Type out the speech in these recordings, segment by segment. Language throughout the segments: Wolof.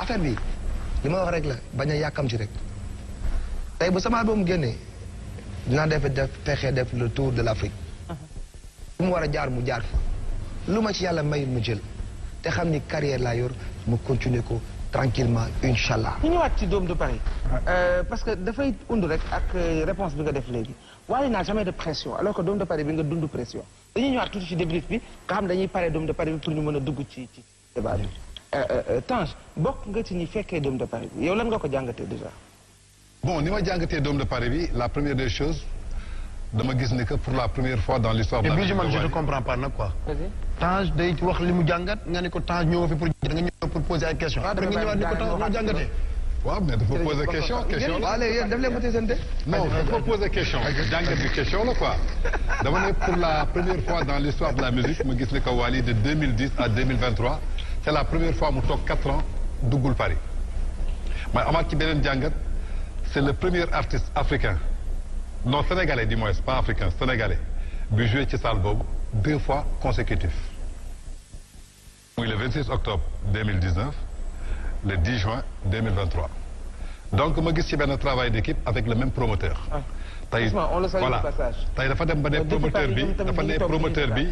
affaire bi li ma wax rek la bañ a yàkkam ci rek tey bu sama album génnee dinaa def def fexe def le tour de la l'Afrique bu uh-huh. mu war a jaar mu jaar fa lu ma ci yàlla may mu jël te xam ni carrière laa yor mu continuer ko tranquillement incha allah. ñu ñëwaat ci Dôme de Paris. Euh, parce que dafay undu rek ak euh, réponse bi nga def léegi waaye naa jamais de pression alors que Dôme de Paris bi nga dund pression dañuy ñëwaat tuuti ci débrief bi nga xam dañuy pare Dôme de Paris ñu mën a dugg ci ci débat Euh, euh, Tange bok nga ci ni fekkee dom de Paris yow lan nga ko jangaté déjà. bon ni ma jangaté dom de Paris bi la première des choses dama gis ni que pour la première fois dans l'histoire de la je ne comprends pas nag quoi. Tange day wax limu mu nga ni ko Tange ñoo fi pour nga ñoo pour poser ay questions. Ah, après nga ñëwaat ni ko Tange moo jàngatee. waaw mais faut poser question question la non faut poser question jàngat question là, quoi dama pour la première fois dans l'histoire de la musique me gis ni que Wally de 2010 à 2023 c'est la première fois mu toog quatre ans duggul Paris Mais c'est le premier artiste africain non sénégalais du moins pas africain sénégalais de jouer ci salle deux fois consécutifs. le 26 octobre 2019 le 10 juin 2023 donc je suis ci travailler travail d'équipe avec le même promoteur ah. tey voilà le dafa dem ba ne promoteur a dafa un promoteur bi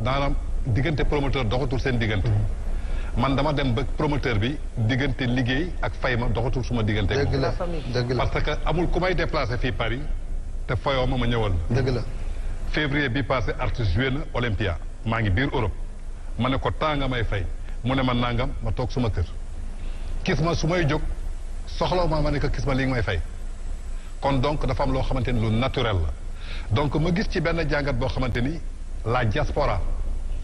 daanaam diggante promoteur un seen diggante mm-hmm. man dama dem ba promoteur bi diggante liggéey ak fay ma doxatul suma diggante dëgg la dëgg parce que amul ku may déplacé fii Paris te fayoo ma ma ñëwal dëgg la février bi passé artiste joué na Olympia maa ngi biir Europe ma ne ko temps nga may fay mu ne ma nangam ma toog suma kër kis ma su may jóg soxlaw ma ma ne ko kis ma li nga may fay kon donc dafa am loo xamante ni lu naturel la donc ma gis ci benn jàngat boo xamante ni la diaspora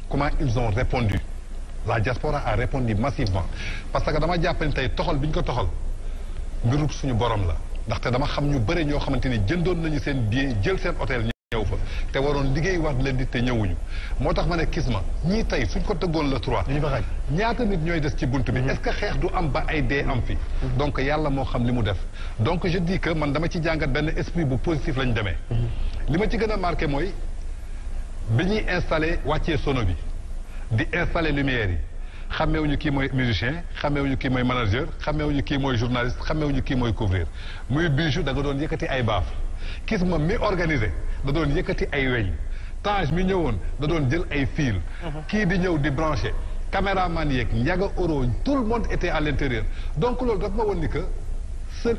comment ils ont répondu la diaspora a répondu massivement parce que dama jàpp ne tey toxal bi ñu ko toxal mbirum suñu borom la ndaxte dama xam ñu bëri ñoo xamante ni jëndoon nañu seen billet jël seen hôtel ñëw fa te waroon liggéey war leen di te ñëwuñu moo tax ma ne Kisma ñii tey suñ ko tëggoon la trois ñaata nit ñooy des ci bunt bi mhm. est-ce que xeex du am ba ay dee am fi mhm. donc yàlla moo xam li mu def donc jeu dis que man dama ci jàngat benn esprit bu positif lañ demee mhm. li ma ci gën a marqué mooy bi ñuy installé wàccee sono bi di installer lumière yi xameewuñu kii musicien xameewuñu kii manager xameewuñu kii mooy journaliste xameewuñu kii mooy couvrir muy bijou da doon yëkkati ay baaf Qui mi organisé da doon ay mi ñëwoon da doon jël ay fil Qui mhm. di ñëw di branché Caméra tout le monde était à l'intérieur donc loolu que seul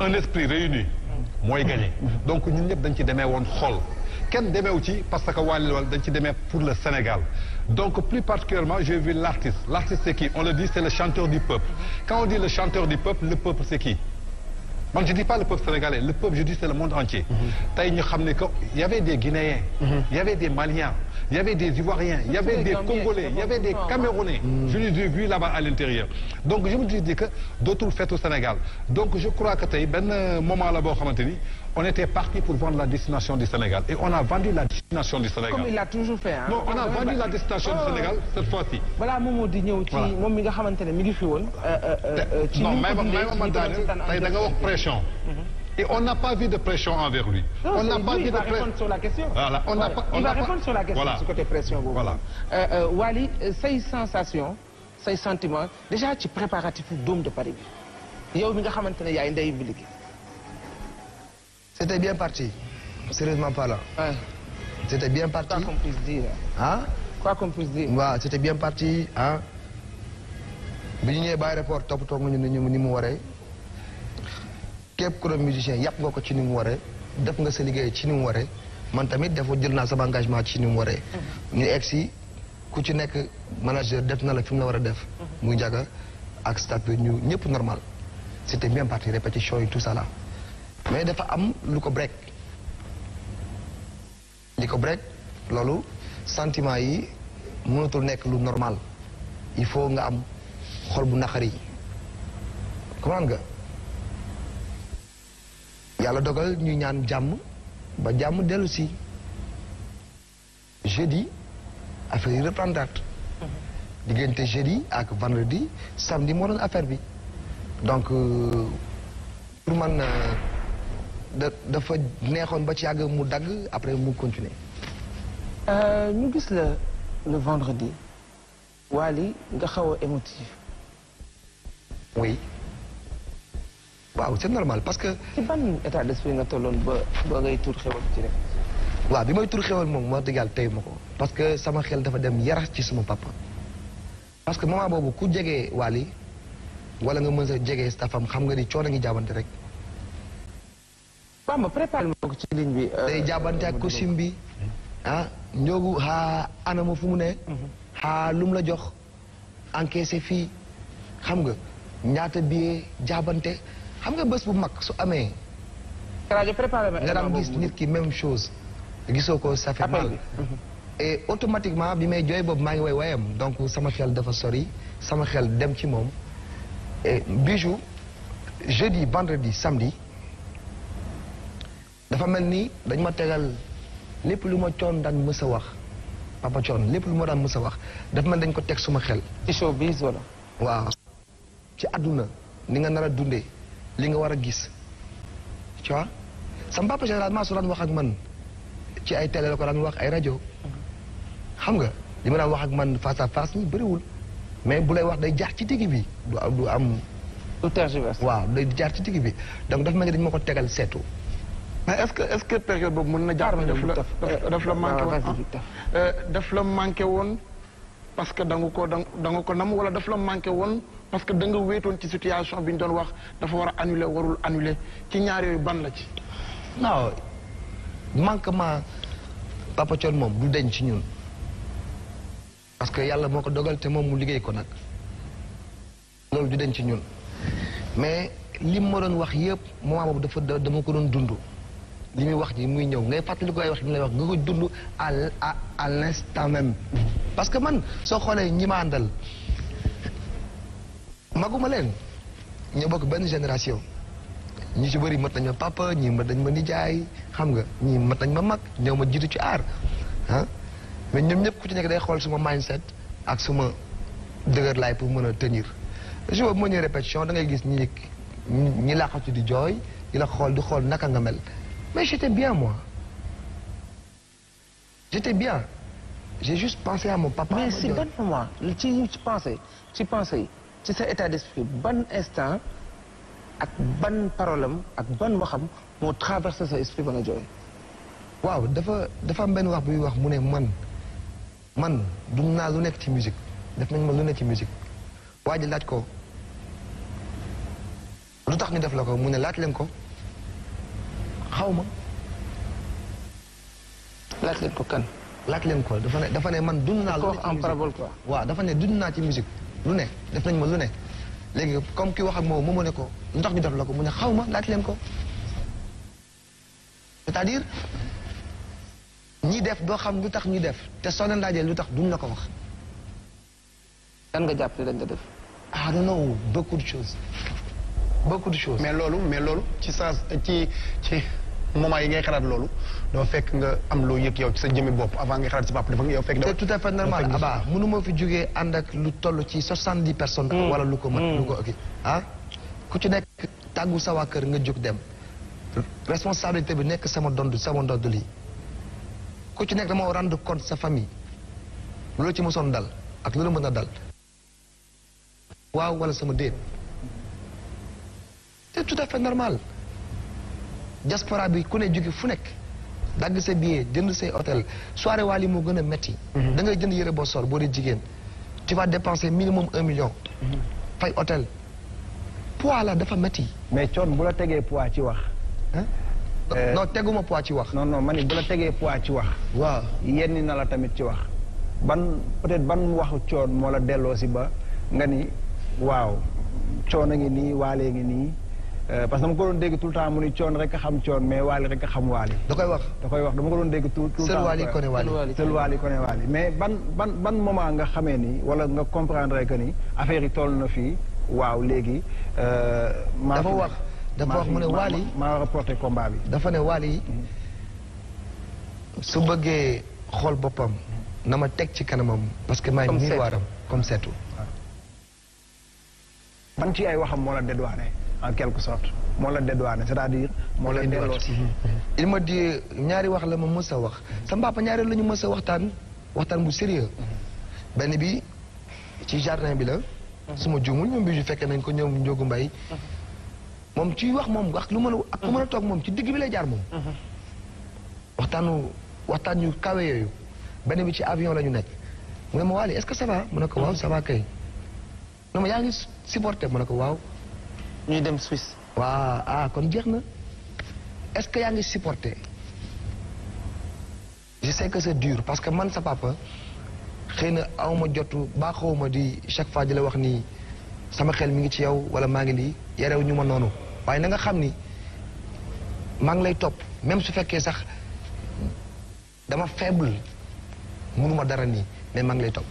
un esprit réuni mhm. moi gagné mhm. donc ñun dit dañ ci un un parce que pour le Sénégal donc plus particulièrement j'ai vu l'artiste l'artiste c'est qui on le dit c'est le chanteur du peuple quand on dit le chanteur du peuple le peuple c'est qui Moi je dis pas le peuple sénégalais le peuple je dis c'est le monde entier Il mhm. y avait des Guinéens il mhm. y avait des Maliens il y avait des Ivoiriens, il y avait des Congolais, il y avait des Camerounais. Hmm. Je les ai vus là-bas à l'intérieur. Donc je me dis dit que d'autres fêtes au Sénégal. Donc je crois que tu ben euh, moment là-bas on était parti pour vendre la destination du Sénégal. Et on a vendu la destination du Sénégal. Comme il l'a toujours fait. Hein? Non, on a vendu la destination du Sénégal oh. cette fois-ci. Voilà, Momo Digno, euh, euh, qui m'a dit que je suis Non, même, même, même, même, même, même, même, et on n'a pas vu de pression envers lui. on n'a pas vu de va répondre sur la question. on il va répondre sur la question, voilà. ce côté pression. voilà. Euh, euh, Wally, ces euh, sensation, sentiment, déjà tu préparatif dôme de Paris C'était bien parti, sérieusement parlant. là. C'était bien parti. Quoi qu'on puisse dire. Hein? Quoi qu'on puisse dire. c'était bien parti. Hein? képp ku doon musicien yàpp nga ko ci ni mu waree def nga sa liggéey ci ni mu waree man tamit dafa jël naa sama engagement ci ni mu waree. Mhm. ñu egg si ku ci nekk manager def na la fi mu la a def. Mhm. mu jaga ak statut ñu ñëpp normal c'était bien parti répétition yi tout ça mais dafa am lu ko break. li ko break loolu sentiment yi mënatul nekk lu normal il faut nga am xol bu naqari yi yàlla dogal ñu ñaan jàmm ba jàmm dellu si jeudi affaire yi reprendraat diggante jeudi ak vendredi samedi moo doon affaire bi donc euh, pour man euh, da dafa neexoon ba ci yàgg mu dagg après mu continuer euh, ñu gis la le vendredi wali nga xaw a émotif oui waaw c'est normal parce que. ci ban nga tolloon ba ba ngay tur xewal waaw bi may tur xewal moom wax dëgg yàlla tey ma ko parce que sama xel dafa dem yarax ci sama papa. parce que moment boobu ku jege Wally wala nga mën sa jege staffam xam nga ni coono ngi jaabante rek. Bamba préparé ma bi. day jaabante ak costume bi ah xaa anama fu mu ne. xaa mhm. lum la jox encaissé fii xam nga ñaata billet jaabante. xam nga bés bu mag su amee. rajo préparé ma nga daan gis nit ki même chose. gisoo ko ça fait mal mhm. automatiquement bi may jooy boobu maa ngi way wayam donc sama xel dafa sori sama xel dem ci moom. et bijou jeudi vendredi samedi dafa mel ni dañ ma tegal lépp lu ma coon daan mës a wax papa coon lépp lu ma daan mës a wax dafa mel dañ ko teg suma xel. ci showbiz wala. waaw ci àdduna ni nga nar a dundee. li nga war gis tu vois sama papa généralement su daan wax ak man ci ay télé la ko wax ay rajo xam nga li ma wax ak man face à face ni bëriwul mais bu lay wax day jaar ci digg bi du du am. tergiverse waaw day ci bi donc mais est-ce que est-ce que période daf la daf la euh, daf la parce que ko ko nam wala daf la parce que da nga wéetoon ci situation bi ñu doon wax dafa war a annuler warul annuler ci ñaar yooyu ban la ci. non manquement Papa moom du deñ ci ñun parce que yàlla moo ko dogal te moom mu liggéey ko nag loolu du deñ ci ñun mais li ma doon wax yëpp moment boobu dafa dama ko doon dund. li muy wax ji muy ñëw ngay fàttali ko ay wax li lay wax nga ko dund à à l'instant même. parce que man soo xoolee ñi àndal maguma leen ñoo bokk benn génération ñu ci bëri mat nañ papa ñi mat nañ ma nijaay xam nga ñi mat nañ ma mag ñoo ma jiitu ci aar ah mais ñoom ñëpp ku ci nekk day xool suma mindset ak suma dëgër laay pour mën a tenir je bu ma ñëwee répétition da ngay gis ñi ñi laqatu di joy di la xool di xool naka nga mel mais j'étais bien moi j'étais bien j'ai juste pensé à mon papa. mais c'est si pour moi ci ci pensé ci pensé. ci sa état d'esprit ban instant ak ban parole ak ban waxam moo traversé sa esprit ba nga jooy. waaw dafa dafa am benn wax buy wax mu ne man man dund naa lu nekk ci musique def nañ ma lu nekk ci musique waa ji laaj ko lu tax ñu def la ko mu ne laaj leen ko xawma ma laaj leen ko kan. laaj leen ko dafa ne dafa man dund naa lu nekk ci musique waaw dafa ne dund naa ci musique. lu ne def nañ ma lu ne léegi comme ki wax ak moom moomu ne ko lu tax ñu def la ko mu ne xaw ma laaj leen ko c'est-à-dire ñi def doo xam lu tax ñu def te soo leen laajee lu tax duñ la ko wax. lan nga jàpp ne dañ la def. I don't know beaucoup de choses beaucoup de choses. mais loolu mais loolu ci saa ci ci. moment yi ngay xalaat loolu dafa fekk nga am loo yëg yow ci sa jëmmi bopp avant ngay xalaat si papa dafa yow fekk. c'est tout à fait normal Abba mënu ma fi jógee ànd ak lu toll ci soixante di personnes. Mm. wala lu ko mën lu ko mm. ok ah. ku ci nekk tàggu sa waa kër nga jóg dem responsabilité bi nekk sama dond sama dond lii ku ci nekk dama rendre compte sa famille loolu ci mosoon dal ak loolu mën a dal. waaw wala sama déet c'est tout à fait normal. diaspora bi ku ne jóge fu nekk dagg sa billet jënd say otel soirée waal yi moo gën a metti mhm. dangay jënd yére boo sol boo dee jigéen tu vas dépenser minimum un million mhm. fay hôtel poids la dafa metti mais coon bu la tegee pois ci wax euh, non teguma poids ci wax non non ma ni bu la tegee pois ci wax waaw yenni na la tamit ci wax ban peut-être ban waxu coon moo la delloo si ba nga ni waaw coon a ngi nii waalee ngi nii Euh, parce que dama ko doon dégg tout temps mu ni coon rek a xam coon mais waali rek a xam waali. da koy wax da koy wax dama ko doon dégg tout tout le temps. seul waali kone waali seul waali kone waali mais ban ban moment nga xamee ni wala nga comprendre que ni affaire yi toll na fii waaw léegi. Euh, maa dafa wax dafa wax mu ne waali ma war a porté combat bi. dafa ne waali mhm. su bëggee xool boppam na ma teg ci kanamam. parce que maay miiwaaram comme seetu. ban ci ay waxam moo la dédouané. en quelque sorte moo la dédouané c'est-à-dire moo la il di ñaari wax la ma mës a wax sama papa ñaari la ñu mës waxtaan waxtaan bu sérieux benn bi ci jardin bi la suma juumul ñoom bi ju fekkee nañ ko ñoom njóogu mbay mom ci wax moom wax lu mën ak ci digg bi lay jaar moom waxtaanu waxtaan ñu kawe yooyu benn bi ci avion la nekk mu ne ma waali est-ce que ça va mu ne ko waaw ça va kay ne ma yaa ngi mu ne ko waaw ñuy dem Suisse. waaw ah kon jeex na est-ce que yaa ngi supporter je sais que c'est dur parce que man sa papa xëy na awma jotu baaxoo di chaque fois di la wax ni sama xel mi ngi ci yow wala maa ngi nii yarew ñu ma noonu waaye na nga xam ni maa ngi lay topp même su fekkee sax dama faible mënuma dara nii mais maa ngi lay topp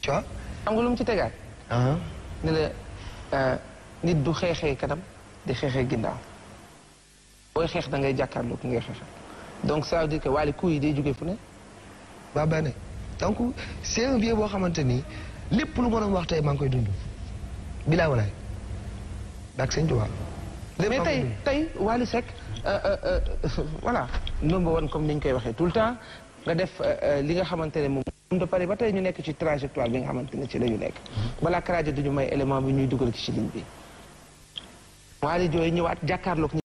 tu vois. am nga lu mu ci tegaat. Ah. ne la. Euh, nit du xeexee kanam di xeexee ginnaaw booy xeex dangay ngay jàkkaarloo ki ngay xeexee donc ça veut dire que waale coup yi day jógee fu ne. waaw benn donc c'est un vieux boo xamante ni lépp lu ma wax tey maa ngi koy dund. bilaa walaay. daag sëñ Tuubaa. mais tey tey Wally euh, euh, number one comme ni ñu koy waxee tout le temps nga def li nga xamante ne moom. de Paris ba tey ñu nekk ci trajectoire bi nga xamante ne ci la ñu nekk balaa Karaja duñu may élément bi ñuy dugal ci ligne bi Waly Dioye ñëwaat jàkkaarloog